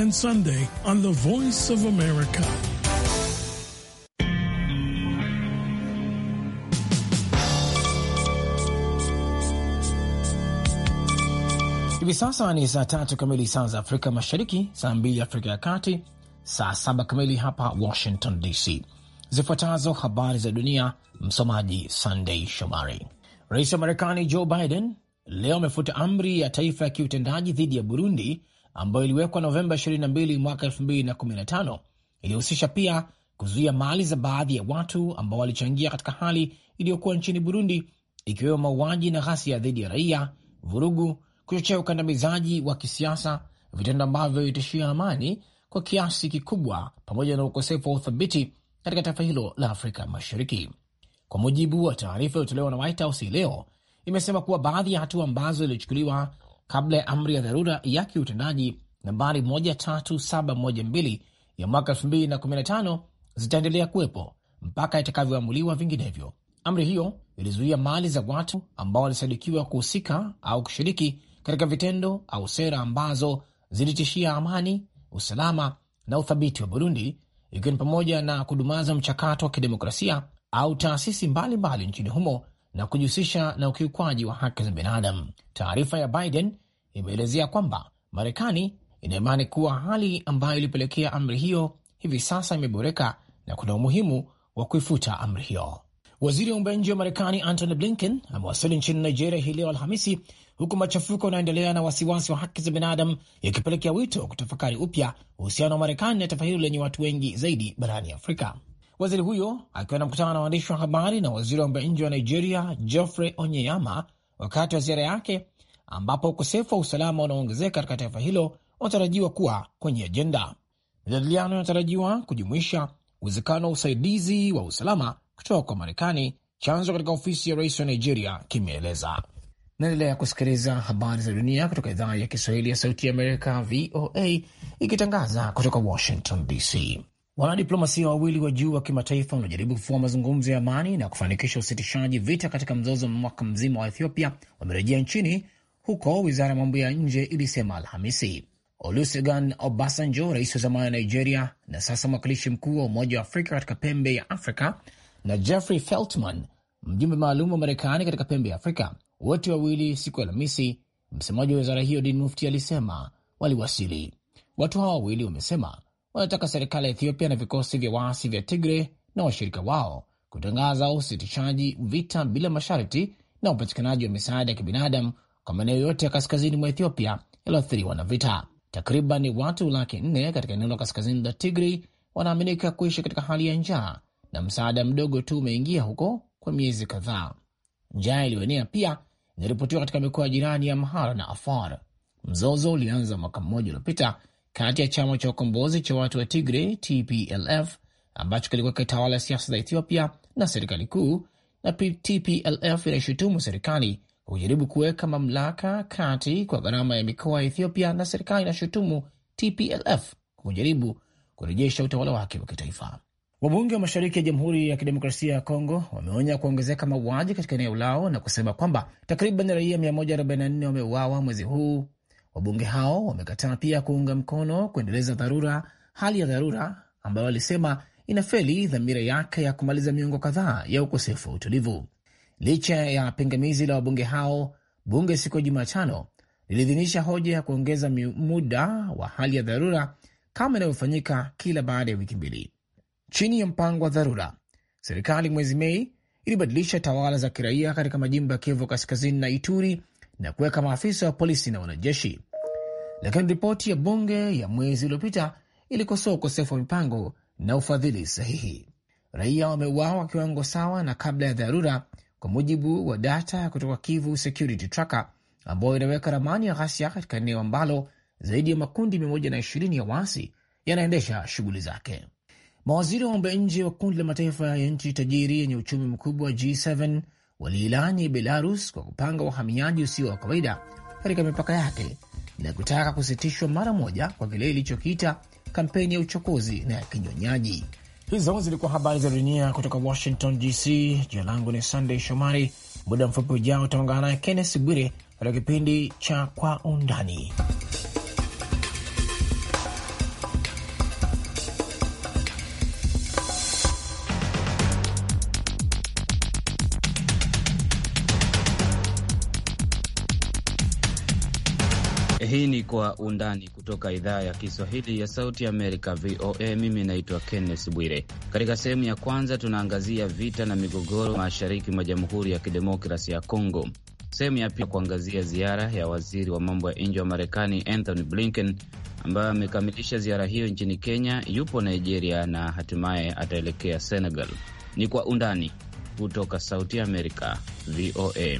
and Sunday on the Voice of America. Hivi sasa ni saa tatu kamili saa za Afrika Mashariki, saa mbili Afrika ya Kati, saa saba kamili hapa Washington DC. Zifuatazo habari za dunia, msomaji Sunday Shomari. Rais wa Marekani Joe Biden leo amefuta amri ya taifa ya kiutendaji dhidi ya Burundi ambayo iliwekwa Novemba 22 mwaka 2015 ilihusisha pia kuzuia mali za baadhi ya watu ambao walichangia katika hali iliyokuwa nchini Burundi, ikiwemo mauaji na ghasia dhidi ya raia, vurugu, kuchochea ukandamizaji wa kisiasa, vitendo ambavyo vitishia amani kwa kiasi kikubwa, pamoja na ukosefu wa uthabiti katika taifa hilo la Afrika Mashariki. Kwa mujibu wa taarifa iliyotolewa na White House hii leo, imesema kuwa baadhi ya hatua ambazo ilichukuliwa kabla ya amri ya dharura ya kiutendaji nambari 13712 ya mwaka 2015 zitaendelea kuwepo mpaka itakavyoamuliwa vinginevyo. Amri hiyo ilizuia mali za watu ambao walisadikiwa kuhusika au kushiriki katika vitendo au sera ambazo zilitishia amani, usalama na uthabiti wa Burundi, ikiwa ni pamoja na kudumaza mchakato wa kidemokrasia au taasisi mbalimbali nchini humo na kujihusisha na ukiukwaji wa haki za binadamu. Taarifa ya Biden imeelezea kwamba Marekani inaimani kuwa hali ambayo ilipelekea amri hiyo hivi sasa imeboreka na kuna umuhimu wa kuifuta amri hiyo. Waziri wa mambo ya nje wa Marekani Antony Blinken amewasili nchini Nigeria hii leo Alhamisi, huku machafuko yanayoendelea na wasiwasi wa haki za binadamu yakipelekea wito wa kutafakari upya uhusiano wa Marekani na taifa hilo lenye watu wengi zaidi barani Afrika waziri huyo akiwa na mkutana na waandishi wa habari na waziri wa mambo ya nje wa Nigeria Geoffrey Onyeyama wakati wa ziara yake, ambapo ukosefu wa usalama unaoongezeka katika taifa hilo unatarajiwa kuwa kwenye ajenda. Majadiliano yanatarajiwa kujumuisha uwezekano wa usaidizi wa usalama kutoka kwa Marekani, chanzo katika ofisi ya rais wa Nigeria kimeeleza. Naendelea kusikiliza habari za dunia kutoka idhaa ya Kiswahili ya Sauti ya Amerika, VOA, ikitangaza kutoka Washington DC. Wanadiplomasia wawili wa juu wa kimataifa wanaojaribu kufua mazungumzo ya amani na kufanikisha usitishaji vita katika mzozo wa mwaka mzima wa Ethiopia wamerejea nchini huko, wizara ya mambo ya nje ilisema Alhamisi. Olusegun Obasanjo, rais wa zamani wa Nigeria na sasa mwakilishi mkuu wa Umoja wa Afrika katika pembe ya Afrika, na Jeffrey Feltman, mjumbe maalum wa Marekani katika pembe ya Afrika, wote wawili siku ya Alhamisi, msemaji wa wizara hiyo Din Mufti alisema waliwasili. Watu hawa wawili wamesema wanataka serikali ya Ethiopia na vikosi vya waasi vya Tigre na washirika wao kutangaza usitishaji vita bila masharti na upatikanaji wa misaada ya kibinadamu kwa maeneo yote ya kaskazini mwa Ethiopia yaliyoathiriwa na vita. Takriban watu laki nne katika eneo la kaskazini la Tigri wanaaminika kuishi katika hali ya njaa na msaada mdogo tu umeingia huko kwa miezi kadhaa. Njaa iliyoenea pia inaripotiwa katika mikoa ya jirani ya Amhara na Afar. Mzozo ulianza mwaka mmoja uliopita kati ya chama cha ukombozi cha watu wa Tigre TPLF ambacho kilikuwa kitawala siasa za Ethiopia na serikali kuu, na TPLF inaishutumu serikali kujaribu kuweka mamlaka kati kwa gharama ya mikoa ya Ethiopia, na serikali inashutumu TPLF kujaribu kurejesha utawala wake wa kitaifa. Wabunge wa mashariki ya Jamhuri ya Kidemokrasia ya Kongo wameonya kuongezeka mauaji katika eneo lao na kusema kwamba takriban raia 144 wameuawa mwezi huu Wabunge hao wamekataa pia kuunga mkono kuendeleza dharura, hali ya dharura ambayo walisema inafeli dhamira yake ya kumaliza miongo kadhaa ya ukosefu wa utulivu. Licha ya pingamizi la wabunge hao, bunge siku ya Jumatano liliidhinisha hoja ya kuongeza muda wa hali ya dharura kama inavyofanyika kila baada ya wiki mbili. Chini ya mpango wa dharura, serikali mwezi Mei ilibadilisha tawala za kiraia katika majimbo ya Kivu Kaskazini na Ituri na kuweka maafisa wa polisi na wanajeshi, lakini ripoti ya bunge ya mwezi uliopita ilikosoa ukosefu wa mipango na ufadhili sahihi. Raia wameuawa kiwango sawa na kabla ya dharura, kwa mujibu wa data kutoka Kivu Security Tracker ambayo inaweka ramani ya ghasia katika eneo ambalo zaidi ya makundi 120 ya waasi yanaendesha shughuli zake. Mawaziri wa mambo ya nje wa kundi la mataifa ya nchi tajiri yenye uchumi mkubwa G7 waliilani Belarus kwa kupanga uhamiaji usio wa kawaida katika mipaka yake na kutaka kusitishwa mara moja kwa kile ilichokiita kampeni ya uchokozi na ya kinyonyaji. Hizo zilikuwa habari za dunia kutoka Washington DC. Jina langu ni sandey Shomari. Muda mfupi ujao utaungana naye Kennes Bwire katika kipindi cha Kwa Undani. Hii ni Kwa Undani kutoka idhaa ya Kiswahili ya Sauti Amerika, VOA. Mimi naitwa Kenneth Bwire. Katika sehemu ya kwanza, tunaangazia vita na migogoro mashariki mwa Jamhuri ya Kidemokrasi ya congo Sehemu ya pili kuangazia ziara ya waziri wa mambo ya nje wa Marekani Anthony Blinken ambaye amekamilisha ziara hiyo nchini Kenya, yupo Nigeria na hatimaye ataelekea Senegal. Ni Kwa Undani kutoka Sauti Amerika, VOA.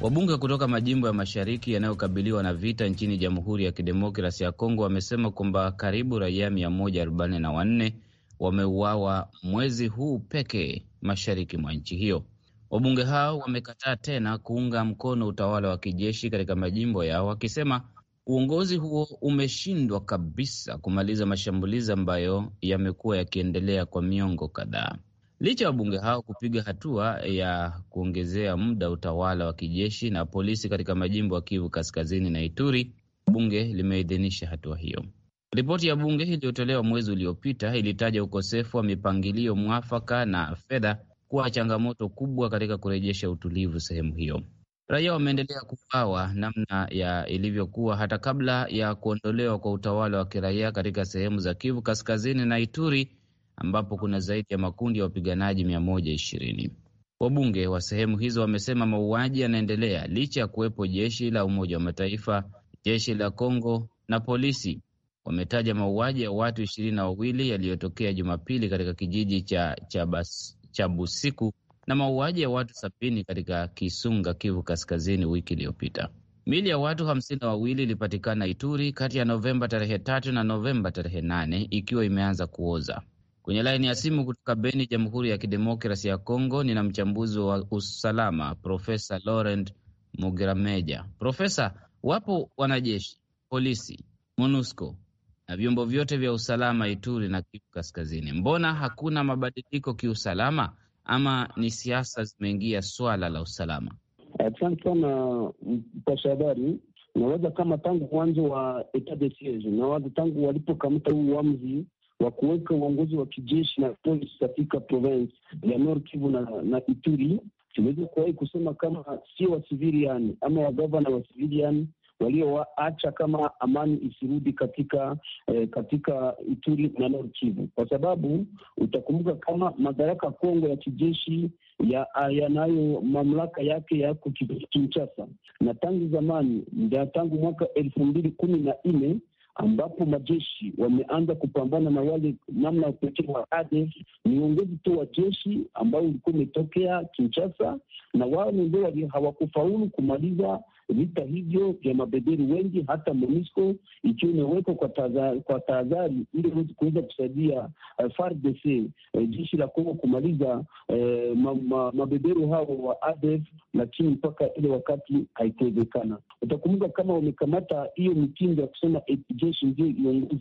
Wabunge kutoka majimbo ya mashariki yanayokabiliwa na vita nchini Jamhuri ya Kidemokrasi ya Kongo wamesema kwamba karibu raia 144 wameuawa mwezi huu pekee mashariki mwa nchi hiyo. Wabunge hao wamekataa tena kuunga mkono utawala wa kijeshi katika majimbo yao, wakisema uongozi huo umeshindwa kabisa kumaliza mashambulizi ambayo yamekuwa yakiendelea kwa miongo kadhaa licha ya wabunge hao kupiga hatua ya kuongezea muda utawala wa kijeshi na polisi katika majimbo ya Kivu Kaskazini na Ituri, bunge limeidhinisha hatua hiyo. Ripoti ya bunge iliyotolewa mwezi uliopita ilitaja ukosefu wa mipangilio mwafaka na fedha kuwa changamoto kubwa katika kurejesha utulivu sehemu hiyo. Raia wameendelea kuuawa namna ya ilivyokuwa hata kabla ya kuondolewa kwa utawala wa kiraia katika sehemu za Kivu Kaskazini na Ituri ambapo kuna zaidi ya makundi ya wapiganaji 120. Wabunge wa sehemu hizo wamesema mauaji yanaendelea licha ya kuwepo jeshi la Umoja wa Mataifa, jeshi la Kongo na polisi. Wametaja mauaji ya watu ishirini na wawili yaliyotokea Jumapili katika kijiji cha Chabusiku na mauaji ya watu sabini katika Kisunga, Kivu Kaskazini, wiki iliyopita. Mili ya watu hamsini na wawili ilipatikana Ituri kati ya Novemba tarehe tatu na Novemba tarehe nane ikiwa imeanza kuoza. Kwenye laini ya simu kutoka Beni, Jamhuri ya Kidemokrasi ya Kongo, nina mchambuzi wa usalama Profesa Laurent Mugrameja. Profesa, wapo wanajeshi, polisi, MONUSCO na vyombo vyote vya usalama Ituri na Kivu Kaskazini, mbona hakuna mabadiliko kiusalama, ama ni siasa zimeingia swala la usalama? Asante sana mpasha habari. Naweza kama tangu mwanzo wa etat de siege, nawaza tangu walipokamata huu uamuzi wa kuweka uongozi wa kijeshi na polisi katika province ya Nord Kivu na, na Ituri. Siwezi kuwahi kusema kama sio wasiviliani ama wagavana wasiviliani waliowaacha kama amani isirudi katika eh, katika Ituri na Nord Kivu, kwa sababu utakumbuka kama madaraka Kongo ya kijeshi yanayo ya mamlaka yake yako Kinshasa, na tangu zamani ndio tangu mwaka elfu mbili kumi na nne ambapo majeshi wameanza kupambana na wale namna ya pekee wa ADF. Ni uongozi tu wa jeshi ambao ulikuwa umetokea Kinshasa, na wao ndio hawakufaulu kumaliza vita hivyo vya mabeberu wengi, hata MONUSCO ikiwa imewekwa kwa tahadhari ili kuweza kusaidia uh, eh, FARDC uh, eh, jeshi la Kongo kumaliza uh, ma, ma, mabeberu hao wa ADF, lakini mpaka ile wakati haikuwezekana. Utakumbuka kama wamekamata hiyo mitindo ya kusema eti jeshi ndio iongozi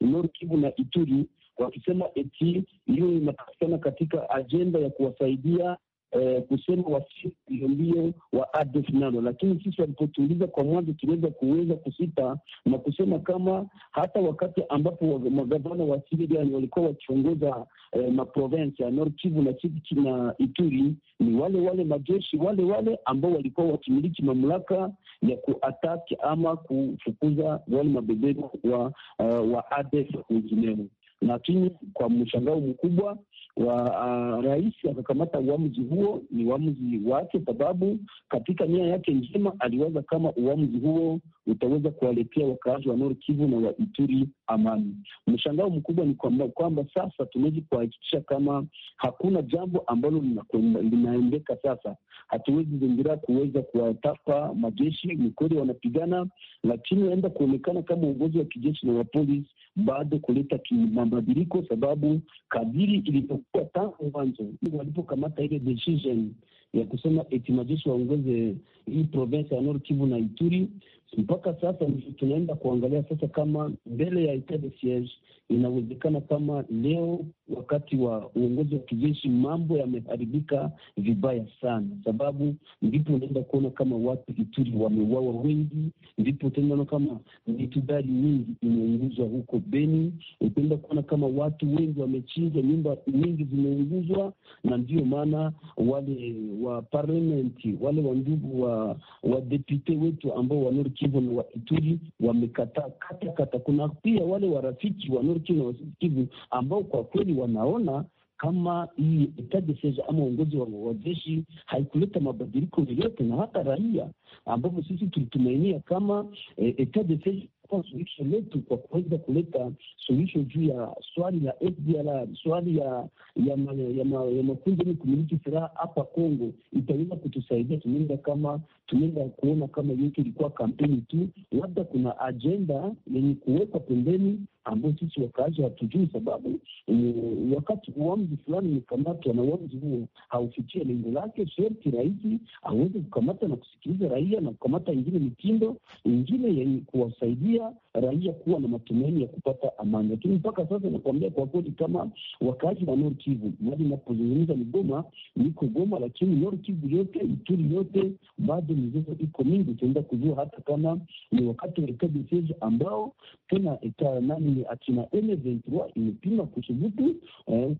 Nord Kivu na Ituri, wakisema eti hiyo inapatikana katika ajenda ya kuwasaidia eh, kusema wasi ndio wa ADF nalo, lakini sisi walipotuuliza kwa mwanzo tuliweza kuweza kusita na kusema kama hata wakati ambapo magavana wa Syria walikuwa wakiongoza eh, maprovensi ya Nord Kivu na Sud na Ituri, ni wale wale majeshi wale wale ambao walikuwa wakimiliki mamlaka ya kuataki ama kufukuza wale mabeberu wa, uh, wa ADF wengineo. Lakini kwa mshangao mkubwa wa uh, rais akakamata uamuzi huo. Ni uamuzi wake, sababu katika nia yake njema aliwaza kama uamuzi huo utaweza kuwaletea wakaazi wa Nord Kivu na wa Ituri amani. Mshangao mkubwa ni kwamba kwamba sasa tunawezi kuhakikisha kama hakuna jambo ambalo linaendeka sasa. Hatuwezi zingira kuweza kuwatapa majeshi, ni kweli wanapigana, lakini aenda kuonekana kama uongozi wa kijeshi na wa polisi bado kuleta kimabadiliko, sababu kadiri ilivyokuwa tangu mwanzo walipokamata ile decision ya kusema eti majeshi waongoze hii province ya Nord Kivu na Ituri mpaka sasa tunaenda kuangalia sasa kama mbele ya etat de siege inawezekana kama leo wakati wa uongozi wa kijeshi mambo yameharibika vibaya sana, sababu ndipo unaenda kuona kama watu Ituri wameuawa wengi, ndipo utaenda kama mitugari nyingi imeunguzwa huko Beni, utaenda kuona kama watu wengi wamechinjwa, nyumba nyingi zimeunguzwa, na ndio maana wale wa parlamenti wale wandugu wa, wa depute wetu ambao wa Kivu na Ituri wamekataa kata kata. Kuna pia wale warafiki wa Nord Kivu na Sud Kivu ambao kwa kweli wanaona kama hii etadeseja ama uongozi wa jeshi haikuleta mabadiliko yoyote, na hata raia ambapo sisi tulitumainia kama kwa eh, suluhisho letu kwa kuweza kuleta suluhisho juu ya swali la FDLR, swali ya ya makundi ni kumiliki silaha hapa Kongo, itaweza kutusaidia tunaenda kama tunaenda kuona kama yote ilikuwa kampeni tu, labda kuna ajenda yenye kuwekwa pembeni ambayo sisi wakaaji hatujui, sababu wakati uamuzi fulani umekamatwa na uamuzi huo haufikia lengo lake, sherti rahisi aweze kukamata na kusikiliza raia na kukamata ingine mitindo ingine yenye kuwasaidia raia kuwa na matumaini ya kupata amani. Lakini mpaka sasa nakuambia kwa kweli, kama wakazi wa Nord Kivu, mali napozungumza ni Goma, niko Goma, lakini Nord Kivu yote, Ituri yote, bado mizozo iko mingi. Utaenda kujua hata kama ni wakati wa kabisezi ambao tena nani akina M23 imepima kuthubutu eh,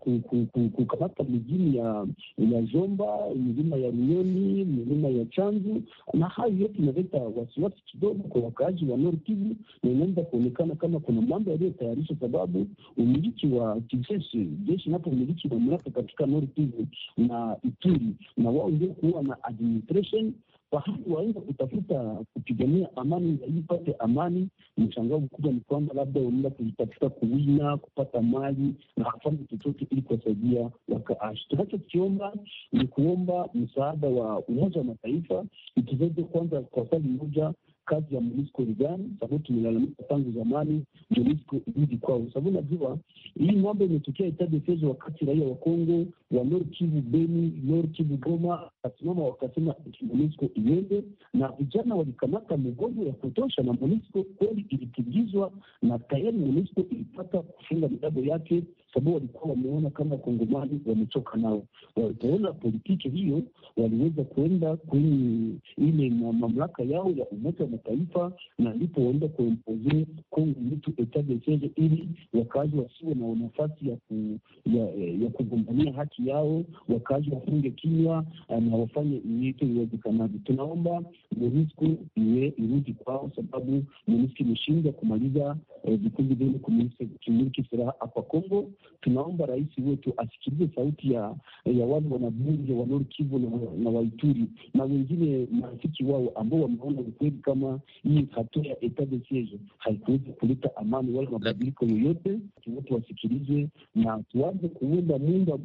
kukamata mijini ya ya Jomba, milima ya Runyoni, milima ya Chanzu, na hayo yote inaleta wasiwasi kidogo kwa wakaaji wa Nord Kivu na inaweza kuonekana kama kuna mambo yaliyotayarishwa, sababu umiliki wa kijeshi, jeshi napo umiliki mamlaka katika Nord Kivu na Ituri, na wao ndio kuwa na administration pahali waenda kutafuta kupigania amani ili ipate amani. Mshangao mkubwa ni kwamba labda wanaenda kujitafuta kuwina, kupata mali na kufanya chochote ili kuwasaidia wakaashi. Tunachokiomba ni kuomba msaada wa Umoja wa Mataifa, ikizaje kwanza kwa sali moja kazi ya MONUSCO ni gani, sababu tumelalamika tangu zamani MONUSCO irudi kwao, sababu najua hii mambo imetokea etadefezo wakati raia wa Kongo wa Nord Kivu, Beni, Nord Kivu, Goma wakasimama wakasema MONUSCO iende, na vijana walikamata mgomo ya kutosha, na MONUSCO kweli ilitingizwa na tayari MONUSCO ilipata kufunga mitambo yake sababu walikuwa wameona kama Kongomani wamechoka nao. Walipoona politiki hiyo, waliweza kuenda kwenye ile mamlaka yao ya Umoja wa Mataifa, na ndipo waenda kuempoze Kongo yetu etae, ili wakazi wasiwe na nafasi ya, ku, ya, ya kugombania haki yao, wakazi wafunge kinywa eh, na wafanye yetu iwezekanavyo. Tunaomba MONUSCO iwe irudi kwao, sababu MONUSCO imeshindwa kumaliza eh, vikundi vile kumiliki silaha hapa Kongo tunaomba rais wetu asikilize sauti ya ya wale wanabunge wa Nord Kivu na, na Waituri na wengine marafiki wao ambao wameona ukweli kama hii hatua ya etat de siege haikuweza kuleta amani wala mabadiliko yoyote. Wote wasikilize na tuanze kuunda muundo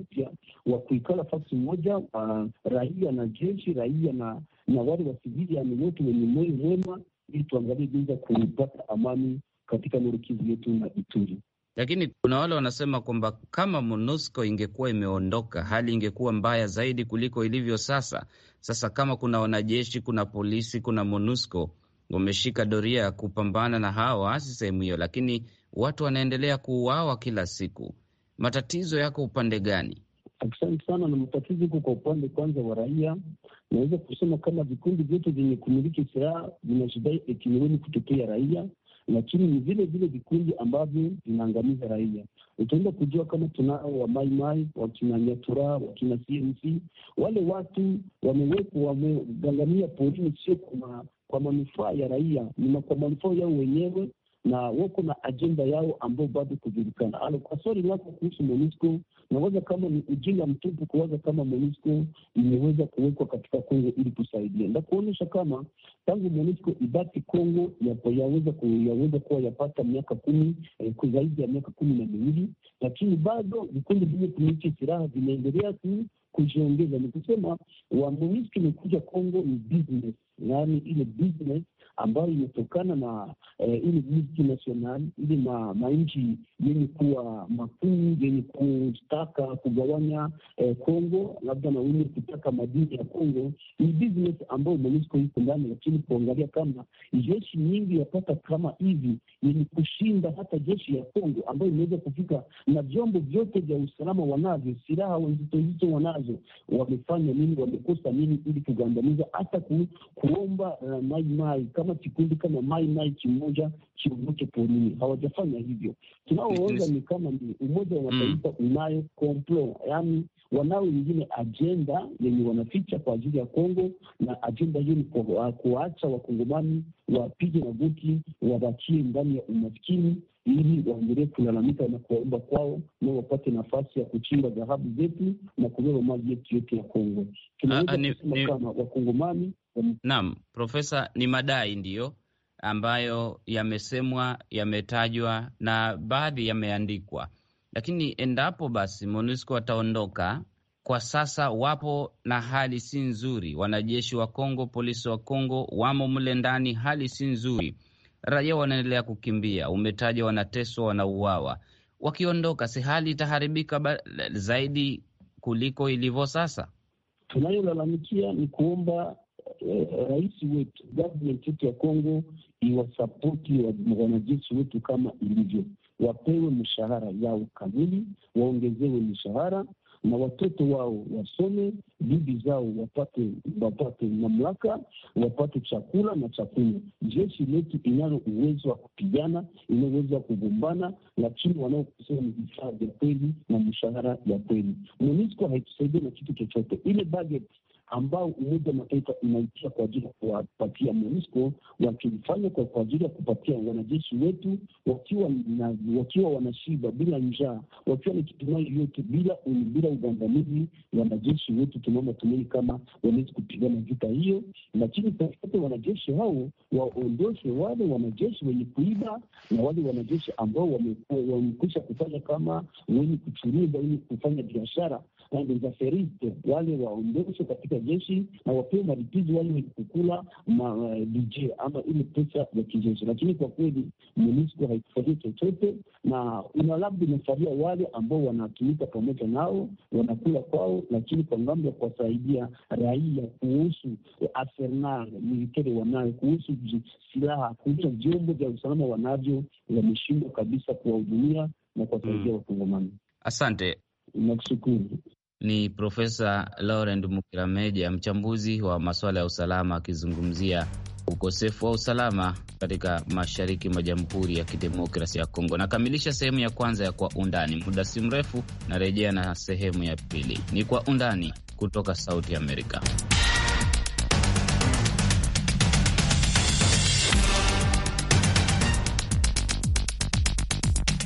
mpya wa kuikala fasi moja, uh, raia na jeshi, raia na na wale wasiviliani wote wenye moyo mwema, ili tuangalie jinsi ya kupata amani katika Nord Kivu yetu na Ituri. Lakini kuna wale wanasema kwamba kama MONUSCO ingekuwa imeondoka, hali ingekuwa mbaya zaidi kuliko ilivyo sasa. Sasa kama kuna wanajeshi, kuna polisi, kuna MONUSCO wameshika doria ya kupambana na hawa waasi sehemu hiyo, lakini watu wanaendelea kuuawa kila siku. Matatizo yako upande gani? Asante sana. Na matatizo huko kwa upande kwanza wa raia, naweza kusema kama vikundi vyote vyenye kumiliki silaha vinashidai ekimeweni kutokea raia lakini ni vile vile vikundi ambavyo vinaangamiza raia. Utaenda kujua kama tunao wa maimai wakina Nyatura wakina CMC, wale watu wamewekwa wamegangamia porini, sio kwa manufaa ya raia, ni kwa manufaa yao wenyewe na wako na ajenda yao ambayo bado kujulikana. Alo, kwa swali lako kuhusu MONUSCO naweza kama ni ujinga mtupu kuwaza kama MONUSCO imeweza kuwekwa katika Kongo ili kusaidia na kuonyesha kama tangu MONUSCO ibaki Kongo yaweza yaweza kuwa yapata miaka kumi eh, zaidi ya miaka kumi na miwili, lakini bado vikundi vile kumiliki silaha vinaendelea tu kujiongeza. Ni kusema wa MONUSCO imekuja Kongo ni business, yaani ile business ambayo imetokana na eh, ili multinational ili manchi yenye kuwa makuu yenye kutaka kugawanya eh, Kongo eh, labda na wenye kutaka madini ya Kongo. Ni business ambayo MONUSCO iko ndani, lakini kuangalia kama jeshi nyingi yapata kama hivi yenye kushinda hata jeshi ya Kongo ambayo imeweza kufika na vyombo vyote vya usalama wanavyo, silaha nzito nzito wanazo, wamefanya nini? Wamekosa nini ili kugandamiza hata ku, kuomba uh, eh, maimai kama kama kikundi kama Mai Mai kimoja kiondoke porini. Hawajafanya hivyo. Tunaoonza ni kama ni Umoja wa mm. Mataifa unayo komplo, yani wanao wengine ajenda yenye wanaficha kwa ajili ya Kongo, na ajenda hiyo ni kuwaacha wakongomani wapige magoti, wabakie ndani ya umaskini ili waendelee kulalamika na kuwaomba kwao na wapate nafasi ya kuchimba dhahabu zetu na kubeba maji yetu yote ya Kongo. Tunaweza kusema kama Wakongomani. Naam, Profesa, ni madai ndiyo ambayo yamesemwa, yametajwa na baadhi yameandikwa, lakini endapo basi MONUSCO wataondoka kwa sasa wapo na hali si nzuri. Wanajeshi wa Kongo, polisi wa Kongo wamo mle ndani, hali si nzuri raia wanaendelea kukimbia. Umetaja wanateswa, wanauawa. Wakiondoka, si hali itaharibika zaidi kuliko ilivyo sasa? Tunayolalamikia ni kuomba eh, rais wetu, government yetu ya Kongo iwasapoti wanajeshi wetu kama ilivyo, wapewe mshahara yao kamili, waongezewe mishahara na watoto wao wasome, bibi zao wapate wapate mamlaka, wapate chakula na chakula. Jeshi letu inalo uwezo wa kupigana, ina uwezo wa kugombana, lakini wanaokosea ni vifaa vya kweli na mshahara ya kweli. MONUSCO haitusaidia na kitu chochote. Ile ambao Umoja wa Mataifa unaitia kwa ajili ya kuwapatia MONUSCO, wakifanya kwa ajili ya kupatia wanajeshi wetu wakiwa na, wakiwa wanashiba bila njaa, wakiwa na kitumai yote bila bila ugandamizi. Wanajeshi wetu tunaona tumeni kama wanaweza kupigana vita hiyo, lakini kaote wanajeshi hao waondoshwe, wale wanajeshi wenye kuiba na wale wanajeshi ambao wamekwisha kufanya kama wenye kuchuruza, wenye kufanya biashara, wale waondoshwe katika jeshi na wapewe malipizi wale wenye kukula madije eh, ama ile pesa ya kijeshi, lakini kwa kweli MONUSCO haikufanyia chochote, na ina labda imesalia wale ambao wanatumika pamoja nao wanakula kwao, lakini kwa ngambo ya kuwasaidia raia kuhusu arsenal militeri wanayo, kuhusu silaha, kuhusu vyombo vya usalama wanavyo, wameshindwa kabisa kuwahudumia na kuwasaidia hmm. Wakongomani. Asante, nakushukuru. Ni Profesa Laurent Mukirameja, mchambuzi wa masuala ya usalama, akizungumzia ukosefu wa usalama katika mashariki mwa Jamhuri ya Kidemokrasia ya Kongo. Nakamilisha sehemu ya kwanza ya Kwa Undani. Muda si mrefu narejea na sehemu ya pili. Ni Kwa Undani kutoka Sauti Amerika.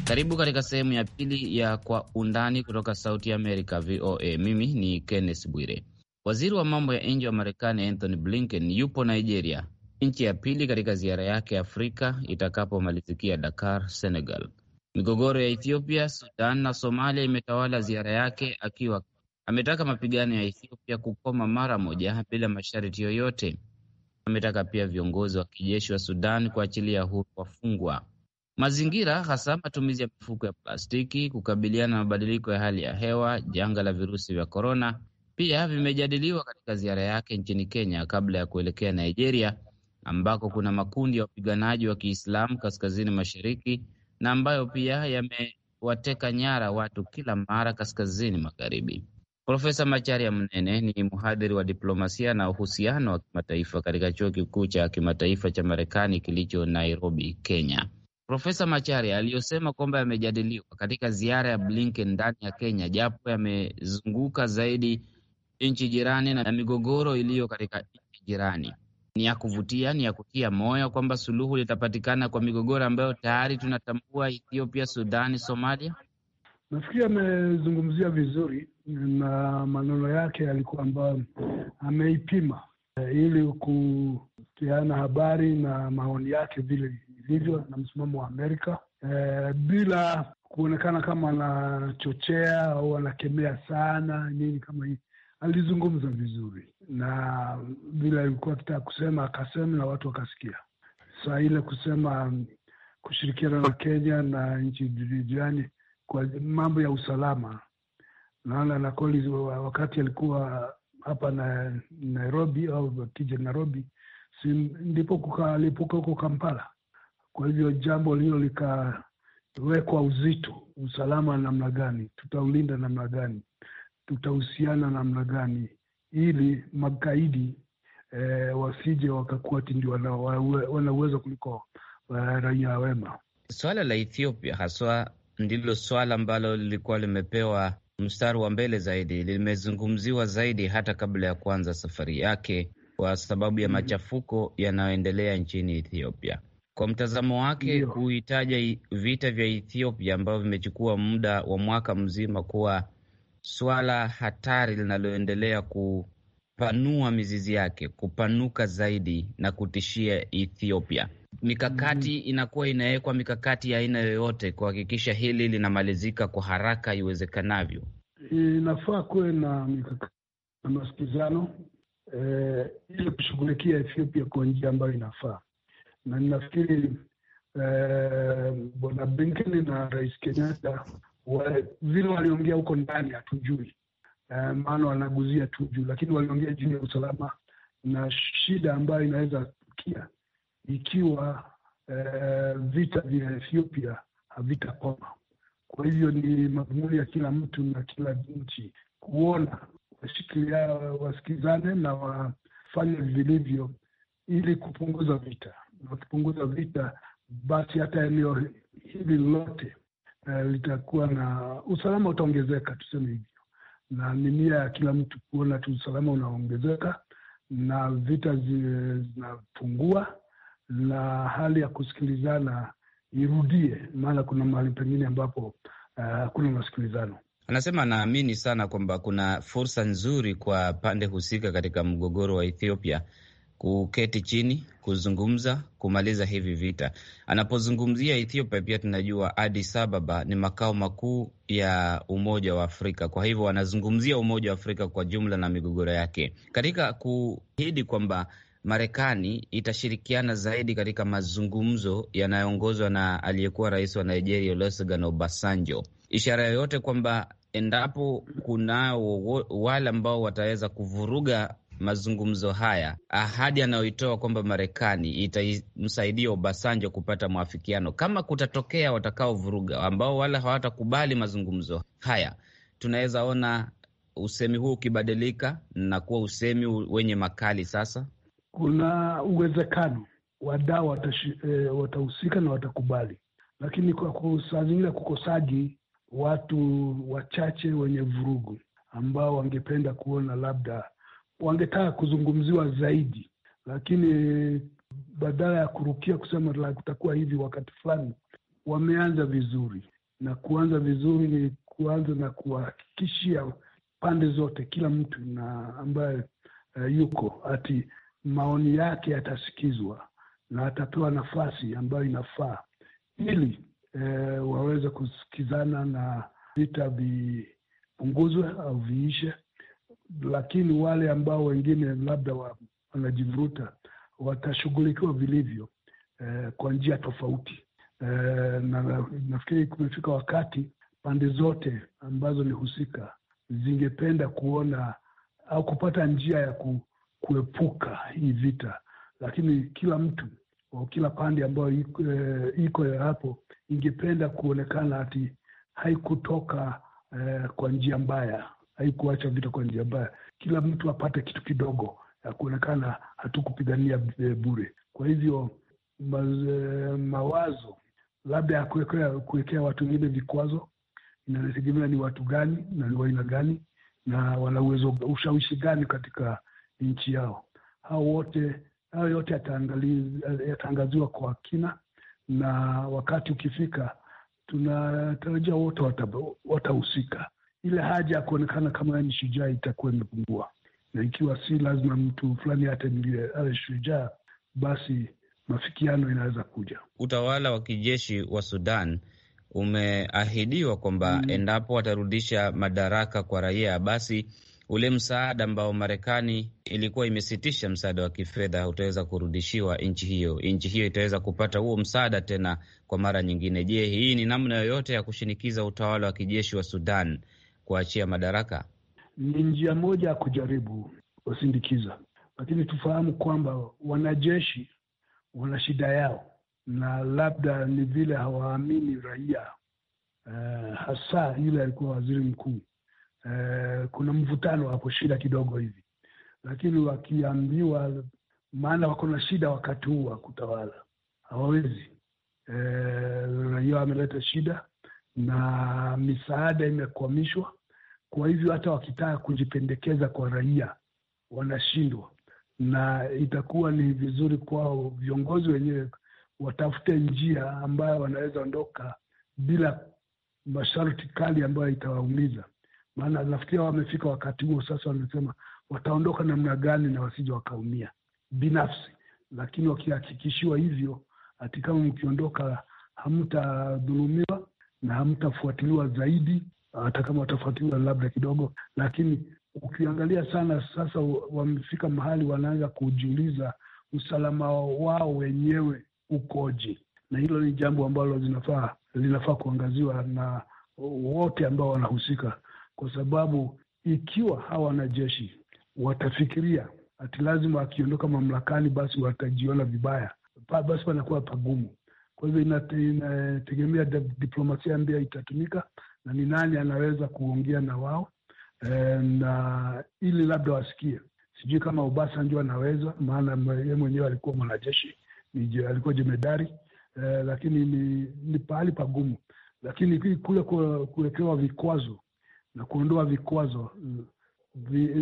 Karibu katika sehemu ya pili ya Kwa Undani kutoka Sauti ya Amerika, VOA. Mimi ni Kenneth Bwire. Waziri wa mambo ya nje wa Marekani Anthony Blinken yupo Nigeria, nchi ya pili katika ziara yake Afrika itakapomalizikia Dakar, Senegal. Migogoro ya Ethiopia, Sudan na Somalia imetawala ziara yake, akiwa ametaka mapigano ya Ethiopia kukoma mara moja bila masharti yoyote. Ametaka pia viongozi wa kijeshi wa Sudan kuachilia huru wafungwa mazingira, hasa matumizi ya mifuko ya plastiki, kukabiliana na mabadiliko ya hali ya hewa, janga la virusi vya korona, pia vimejadiliwa katika ziara yake nchini Kenya kabla ya kuelekea Nigeria ambako kuna makundi ya wapiganaji wa Kiislamu kaskazini mashariki na ambayo pia yamewateka nyara watu kila mara kaskazini magharibi. Profesa Macharia Mnene ni mhadhiri wa diplomasia na uhusiano wa kimataifa katika chuo kikuu cha kimataifa cha Marekani kilicho Nairobi, Kenya. Profesa Macharia aliyosema kwamba yamejadiliwa katika ziara ya Blinken ndani ya Kenya, japo yamezunguka zaidi nchi jirani na migogoro iliyo katika nchi jirani, ni ya kuvutia, ni ya kutia moyo kwamba suluhu litapatikana kwa migogoro ambayo tayari tunatambua, Ethiopia, Sudani, Somalia. Nafikiri amezungumzia vizuri na maneno yake yalikuwa ambayo ameipima eh, ili kutiana habari na maoni yake vile vilivyo na msimamo wa Amerika e, bila kuonekana kama anachochea au anakemea sana nini kama hii. Alizungumza vizuri na vile alikuwa akitaka kusema akasema, na watu wakasikia. Saa ile kusema kushirikiana na Kenya na nchi jirani kwa mambo ya usalama, naona na Collins wakati alikuwa hapa na Nairobi au akija Nairobi si ndipo kukalipuka huko Kampala kwa hivyo jambo lilo likawekwa uzito, usalama namna gani, tutaulinda namna gani, tutahusiana namna gani, ili magaidi e, wasije wakakuwa tindi wana uwezo kuliko eh, raia wema. Swala la Ethiopia haswa ndilo swala ambalo lilikuwa limepewa mstari wa mbele zaidi, limezungumziwa zaidi hata kabla ya kuanza safari yake, kwa sababu ya mm-hmm. machafuko yanayoendelea nchini Ethiopia. Kwa mtazamo wake kuitaja vita vya Ethiopia ambavyo vimechukua muda wa mwaka mzima kuwa swala hatari linaloendelea kupanua mizizi yake, kupanuka zaidi na kutishia Ethiopia, mikakati mm. inakuwa inawekwa, mikakati ya aina yoyote kuhakikisha hili linamalizika kwa haraka iwezekanavyo. Inafaa kuwe na mikakati na masikizano eh, ili kushughulikia Ethiopia kwa njia ambayo inafaa na ninafikiri eh, bwana Blinken na rais Kenyatta vile waliongea huko ndani hatujui, eh, maana wanaguzia tu juu, lakini waliongea juu ya usalama na shida ambayo inaweza kia ikiwa eh, vita vya Ethiopia havitakoma. Kwa hivyo ni madhumuni ya kila mtu na kila nchi kuona washikilia, wasikizane na wafanye vilivyo ili kupunguza vita wakipunguza vita, basi hata eneo hili lote uh, litakuwa na usalama utaongezeka, tuseme hivyo, na ni nia ya kila mtu kuona tu usalama unaongezeka na vita zinapungua na hali ya kusikilizana irudie, maana kuna mahali pengine ambapo eh, hakuna uh, masikilizano. Anasema anaamini sana kwamba kuna fursa nzuri kwa pande husika katika mgogoro wa Ethiopia kuketi chini, kuzungumza, kumaliza hivi vita. Anapozungumzia Ethiopia, pia tunajua Addis Ababa ni makao makuu ya Umoja wa Afrika. Kwa hivyo wanazungumzia Umoja wa Afrika kwa jumla na migogoro yake, katika kuahidi kwamba Marekani itashirikiana zaidi katika mazungumzo yanayoongozwa na aliyekuwa rais wa Nigeria Olusegun Obasanjo, ishara yoyote kwamba endapo kunao wale ambao wataweza kuvuruga mazungumzo haya, ahadi anayoitoa kwamba Marekani itamsaidia Obasanjo kupata mwafikiano, kama kutatokea watakaovuruga, ambao wala hawatakubali mazungumzo haya, tunaweza ona usemi huu ukibadilika na kuwa usemi wenye makali. Sasa kuna uwezekano wadau watahusika eh, watahusika na watakubali, lakini kwa saa zingine kukosaji watu wachache wenye vurugu ambao wangependa kuona labda wangetaka kuzungumziwa zaidi, lakini badala ya kurukia kusema la kutakuwa hivi wakati fulani, wameanza vizuri, na kuanza vizuri ni kuanza na kuhakikishia pande zote, kila mtu na ambaye uh, yuko ati maoni yake yatasikizwa na atapewa nafasi ambayo inafaa ili uh, waweze kusikizana na vita vipunguzwe au viishe, lakini wale ambao wengine labda wa, wanajivuruta watashughulikiwa vilivyo eh, kwa njia tofauti eh, na nafikiri kumefika wakati pande zote ambazo ni husika zingependa kuona au kupata njia ya ku, kuepuka hii vita, lakini kila mtu au kila pande ambayo iko, eh, hapo ingependa kuonekana ati haikutoka eh, kwa njia mbaya haikuacha vita kwa njia mbaya. Kila mtu apate kitu kidogo ya kuonekana hatukupigania bure. Kwa hivyo mawazo labda ya kuwekea watu wengine vikwazo inategemea ni watu gani na ni waina gani na wana uwezo ushawishi gani katika nchi yao. Hao wote hayo yote yataangaziwa kwa kina, na wakati ukifika tunatarajia wote watahusika, ile haja ya kuonekana kama ni shujaa itakuwa imepungua, na ikiwa si lazima mtu fulani atemiliwe awe shujaa, basi mafikiano inaweza kuja. Utawala wa kijeshi wa Sudan umeahidiwa kwamba mm, endapo watarudisha madaraka kwa raia, basi ule msaada ambao Marekani ilikuwa imesitisha msaada wa kifedha utaweza kurudishiwa nchi hiyo. Nchi hiyo itaweza kupata huo msaada tena kwa mara nyingine. Je, hii ni namna yoyote ya kushinikiza utawala wa kijeshi wa Sudan kuachia madaraka? Ni njia moja ya kujaribu kusindikiza, lakini tufahamu kwamba wanajeshi wana shida yao, na labda ni vile hawaamini raia uh, hasa yule alikuwa waziri mkuu uh, kuna mvutano hapo, shida kidogo hivi, lakini wakiambiwa, maana wako na shida wakati huu wa kutawala hawawezi. Uh, raia wameleta shida na misaada imekwamishwa. Kwa hivyo hata wakitaka kujipendekeza kwa raia wanashindwa, na itakuwa ni vizuri kwao viongozi wenyewe watafute njia ambayo wanaweza ondoka bila masharti kali ambayo itawaumiza. Maana nafikiria wamefika wakati huo sasa, wanasema wataondoka namna gani na wasija wakaumia binafsi, lakini wakihakikishiwa hivyo, hati kama mkiondoka hamtadhulumiwa na hamtafuatiliwa zaidi, hata kama watafuatiliwa labda kidogo, lakini ukiangalia sana sasa, wamefika mahali wanaanza kujiuliza usalama wao wenyewe ukoje, na hilo ni jambo ambalo linafaa linafaa kuangaziwa na wote ambao wanahusika, kwa sababu ikiwa hawa wanajeshi watafikiria ati lazima akiondoka mamlakani basi watajiona vibaya, basi panakuwa pagumu. Kwa hivyo inategemea diplomasia mbia itatumika na ni nani anaweza kuongea na wao eh, na ili labda wasikie. Sijui kama Obasanjo anaweza, maana yeye mwenyewe alikuwa mwanajeshi, alikuwa jemedari e, lakini ni, ni pahali pagumu. Lakini kule kuwekewa vikwazo na kuondoa vikwazo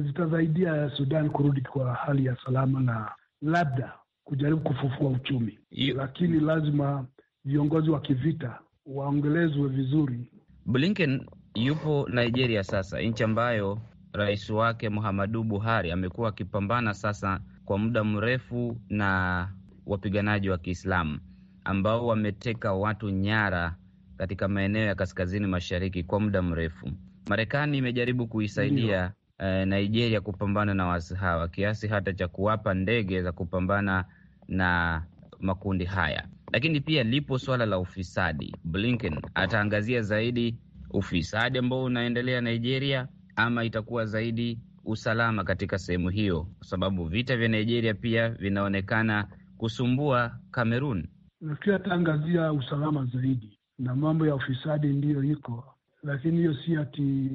zitasaidia Sudan kurudi kwa hali ya salama na labda kujaribu kufufua uchumi, Lakini lazima viongozi wa kivita waongelezwe vizuri. Blinken yupo Nigeria sasa, nchi ambayo rais wake Muhammadu Buhari amekuwa akipambana sasa kwa muda mrefu na wapiganaji wa Kiislamu ambao wameteka watu nyara katika maeneo ya kaskazini mashariki kwa muda mrefu. Marekani imejaribu kuisaidia uh, Nigeria kupambana na waasi hawa kiasi hata cha kuwapa ndege za kupambana na makundi haya lakini pia lipo swala la ufisadi. Blinken ataangazia zaidi ufisadi ambao unaendelea Nigeria, ama itakuwa zaidi usalama katika sehemu hiyo, kwa sababu vita vya Nigeria pia vinaonekana kusumbua Kamerun. Nafikiri ataangazia usalama zaidi na mambo ya ufisadi ndiyo iko, lakini hiyo si ati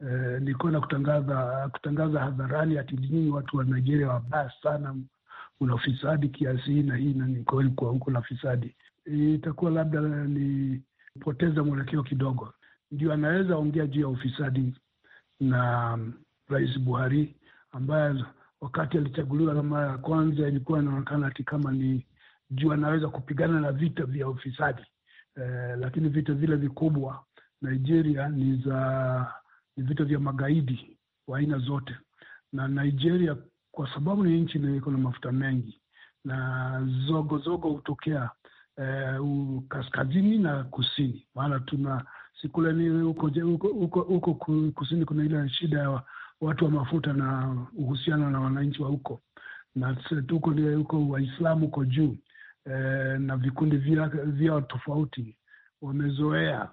eh, nikuona kutangaza kutangaza hadharani ati nyinyi watu wa Nigeria wabaya sana, kuna ufisadi kiasi hii na hii, na ni kweli kwa huko na fisadi, itakuwa labda ni poteza mwelekeo kidogo. Ndio anaweza ongea juu ya ufisadi na mm, Rais Buhari ambaye wakati alichaguliwa na mara ya kwanza ilikuwa inaonekana ati kama ni juu anaweza kupigana na vita vya ufisadi eh, lakini vita vile vikubwa Nigeria ni za ni vita vya magaidi wa aina zote, na Nigeria kwa sababu ni nchi iko na mafuta mengi na zogozogo hutokea zogo eh, kaskazini na kusini, maana tuna sikule ni huko huko kusini, kuna ile shida ya watu wa mafuta na uhusiano na wananchi wa huko na tuko huko Waislamu huko juu eh, na vikundi vyao tofauti wamezoea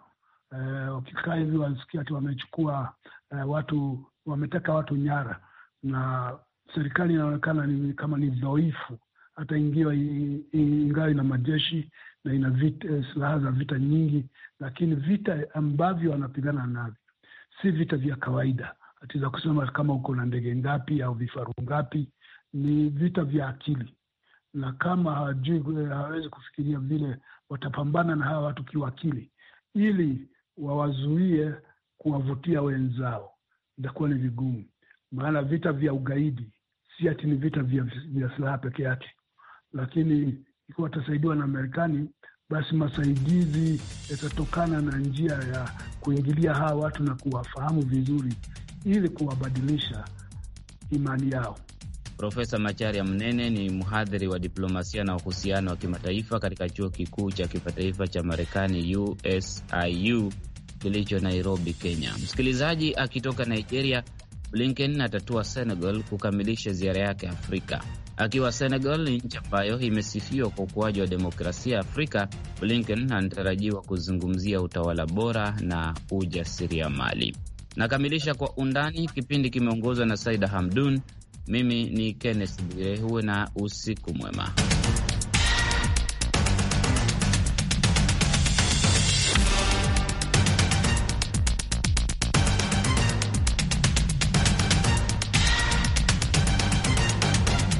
eh, wakikaa hivi wanasikia ati wamechukua eh, watu wameteka watu nyara na serikali inaonekana ni kama ni dhoifu hata ingiwa ingawa ina majeshi na ina eh, silaha za vita nyingi, lakini vita ambavyo wanapigana navyo si vita vya kawaida ati za kusema kama uko na ndege ngapi au vifaru ngapi. Ni vita vya akili, na kama hawajui, hawawezi eh, kufikiria vile watapambana na hawa watu kiwakili, ili wawazuie kuwavutia wenzao, itakuwa ni vigumu. Maana vita vya ugaidi si ati ni vita vya, vya silaha peke yake, lakini ikiwa watasaidiwa na Marekani basi masaidizi yatatokana na njia ya kuingilia hawa watu na kuwafahamu vizuri ili kuwabadilisha imani yao. Profesa Macharia Mnene ni mhadhiri wa diplomasia na uhusiano wa kimataifa katika chuo kikuu cha kimataifa cha Marekani USIU kilicho Nairobi, Kenya. Msikilizaji akitoka Nigeria Blinken atatua Senegal kukamilisha ziara yake Afrika. Akiwa Senegal, ni nchi ambayo imesifiwa kwa ukuaji wa demokrasia Afrika, Blinken anatarajiwa kuzungumzia utawala bora na ujasiriamali. Nakamilisha kwa undani. Kipindi kimeongozwa na Saida Hamdun. Mimi ni Kenneth Bwire, huwe na usiku mwema.